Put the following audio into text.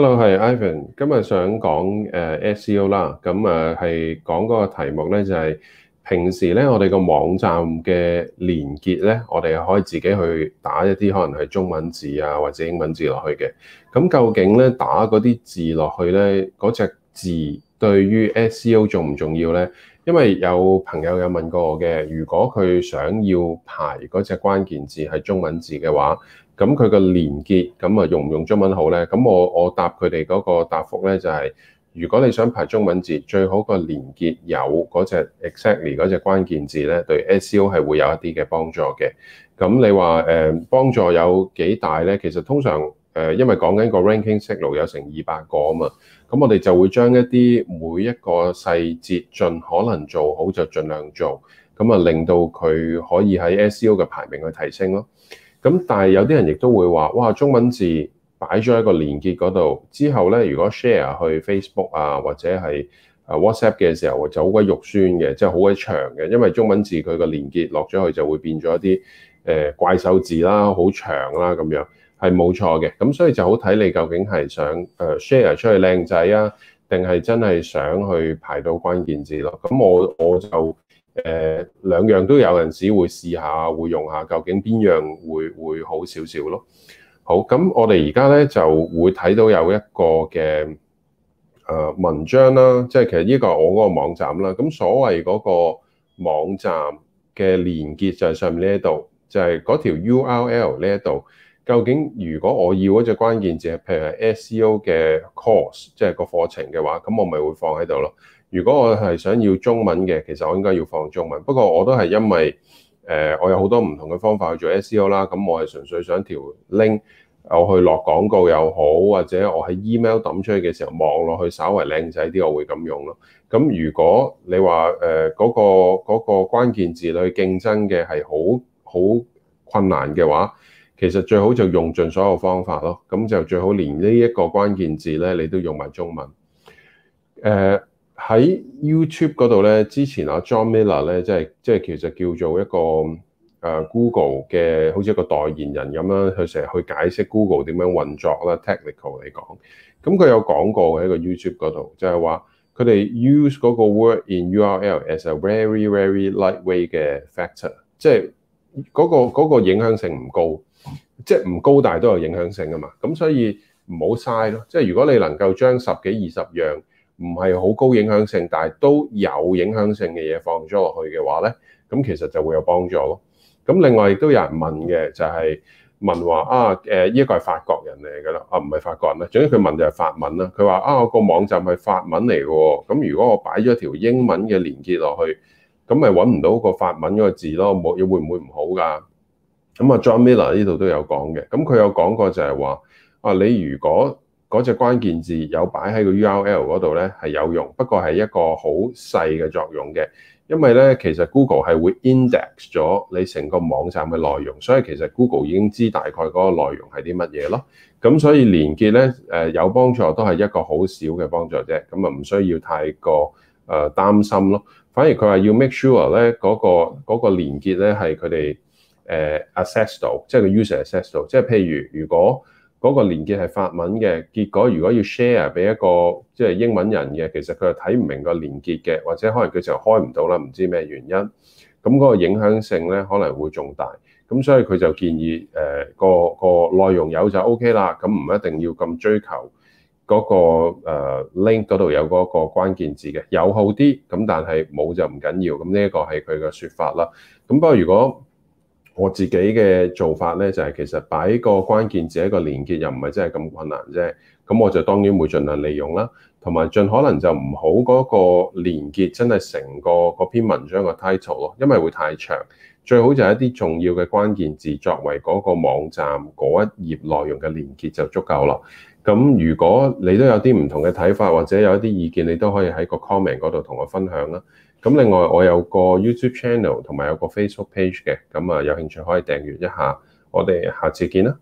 Hello，係 Ivan。今日想講誒 SEO 啦，咁啊係講嗰個題目咧就係、是、平時咧我哋個網站嘅連結咧，我哋可以自己去打一啲可能係中文字啊或者英文字落去嘅。咁究竟咧打嗰啲字落去咧，嗰、那、隻、個、字對於 SEO 重唔重要呢？因為有朋友有問過我嘅，如果佢想要排嗰隻關鍵字係中文字嘅話，咁佢個連結咁啊用唔用中文好呢？咁我我答佢哋嗰個答覆呢，就係、是，如果你想排中文字，最好個連結有嗰隻 exactly 嗰隻關鍵字呢，對 SEO 係會有一啲嘅幫助嘅。咁你話誒、嗯、幫助有幾大呢？其實通常。誒，因為講緊個 ranking signal 有成二百個啊嘛，咁我哋就會將一啲每一個細節盡可能做好就盡量做，咁啊令到佢可以喺 SEO 嘅排名去提升咯。咁但係有啲人亦都會話，哇，中文字擺咗一個連結嗰度之後咧，如果 share 去 Facebook 啊或者係啊 WhatsApp 嘅時候，就好鬼肉酸嘅，即係好鬼長嘅，因為中文字佢個連結落咗去就會變咗一啲誒怪獸字啦，好長啦咁樣。係冇錯嘅，咁所以就好睇你究竟係想誒 share 出去靚仔啊，定係真係想去排到關鍵字咯？咁我我就誒、呃、兩樣都有陣時會試下，會用下究竟邊樣會會好少少咯。好，咁我哋而家咧就會睇到有一個嘅誒、呃、文章啦，即、就、係、是、其實呢個係我嗰個網站啦。咁所謂嗰個網站嘅連結就係上面呢一度，就係、是、嗰條 URL 呢一度。究竟如果我要嗰隻關鍵字，譬如係 SEO 嘅 course，即係個課程嘅話，咁我咪會放喺度咯。如果我係想要中文嘅，其實我應該要放中文。不過我都係因為誒、呃，我有好多唔同嘅方法去做 SEO 啦。咁我係純粹想條 link，我去落廣告又好，或者我喺 email 抌出去嘅時候望落去稍為靚仔啲，我會咁用咯。咁如果你話誒嗰個嗰、嗰個關鍵字裏競爭嘅係好好困難嘅話，其實最好就用盡所有方法咯，咁就最好連呢一個關鍵字咧，你都用埋中文。誒、uh, 喺 YouTube 嗰度咧，之前阿 John Miller 咧，即係即係其實叫做一個誒、uh, Google 嘅，好似一個代言人咁啦，佢成日去解釋 Google 點樣運作啦，technical 嚟講，咁佢有講過喺個 YouTube 嗰度，就係話佢哋 use 嗰個 word in URL as a very very lightweight 嘅 factor，即係嗰個嗰、嗰個影響性唔高。即係唔高，大都有影響性啊嘛。咁所以唔好嘥咯。即係如果你能夠將十幾二十樣唔係好高影響性，但係都有影響性嘅嘢放咗落去嘅話咧，咁其實就會有幫助咯。咁另外亦都有人問嘅就係、是、問話啊，誒、呃，呢個係法國人嚟㗎啦，啊，唔係法國人啦。總之佢問就係法文啦。佢話啊，個網站係法文嚟嘅。咁如果我擺咗條英文嘅連結落去，咁咪揾唔到個法文嗰個字咯？冇，會唔會唔好㗎？咁啊，John Miller 呢度都有講嘅。咁佢有講過就係話，啊，你如果嗰隻關鍵字有擺喺個 URL 嗰度咧，係有用，不過係一個好細嘅作用嘅。因為咧，其實 Google 係會 index 咗你成個網站嘅內容，所以其實 Google 已經知大概嗰個內容係啲乜嘢咯。咁所以連結咧，誒，有幫助都係一個好少嘅幫助啫。咁啊，唔需要太過誒，擔心咯。反而佢話要 make sure 咧，嗰個嗰個連結咧係佢哋。誒、uh, access 到，即係個 user access 到，即係譬如如果嗰個連結係法文嘅，結果如果要 share 俾一個即係英文人嘅，其實佢係睇唔明個連結嘅，或者可能佢就開唔到啦，唔知咩原因，咁嗰個影響性咧，可能會重大，咁所以佢就建議誒、呃嗰個、嗰個內容有就 OK 啦，咁唔一定要咁追求嗰、嗰個、uh, link 嗰度有嗰個關鍵字嘅，有好啲，咁但係冇就唔緊要，咁呢一個係佢嘅説法啦。咁不過如果我自己嘅做法咧，就係其實擺個關鍵字一個連結，又唔係真係咁困難啫。咁我就當然會盡量利用啦，同埋盡可能就唔好嗰個連結真係成個篇文章嘅 title 咯，因為會太長。最好就係一啲重要嘅關鍵字作為嗰個網站嗰一頁內容嘅連結就足夠喇。咁如果你都有啲唔同嘅睇法或者有一啲意見，你都可以喺個 comment 嗰度同我分享啦。咁另外我有個 YouTube channel 同埋有個 Facebook page 嘅，咁啊有興趣可以訂閱一下。我哋下次見啦。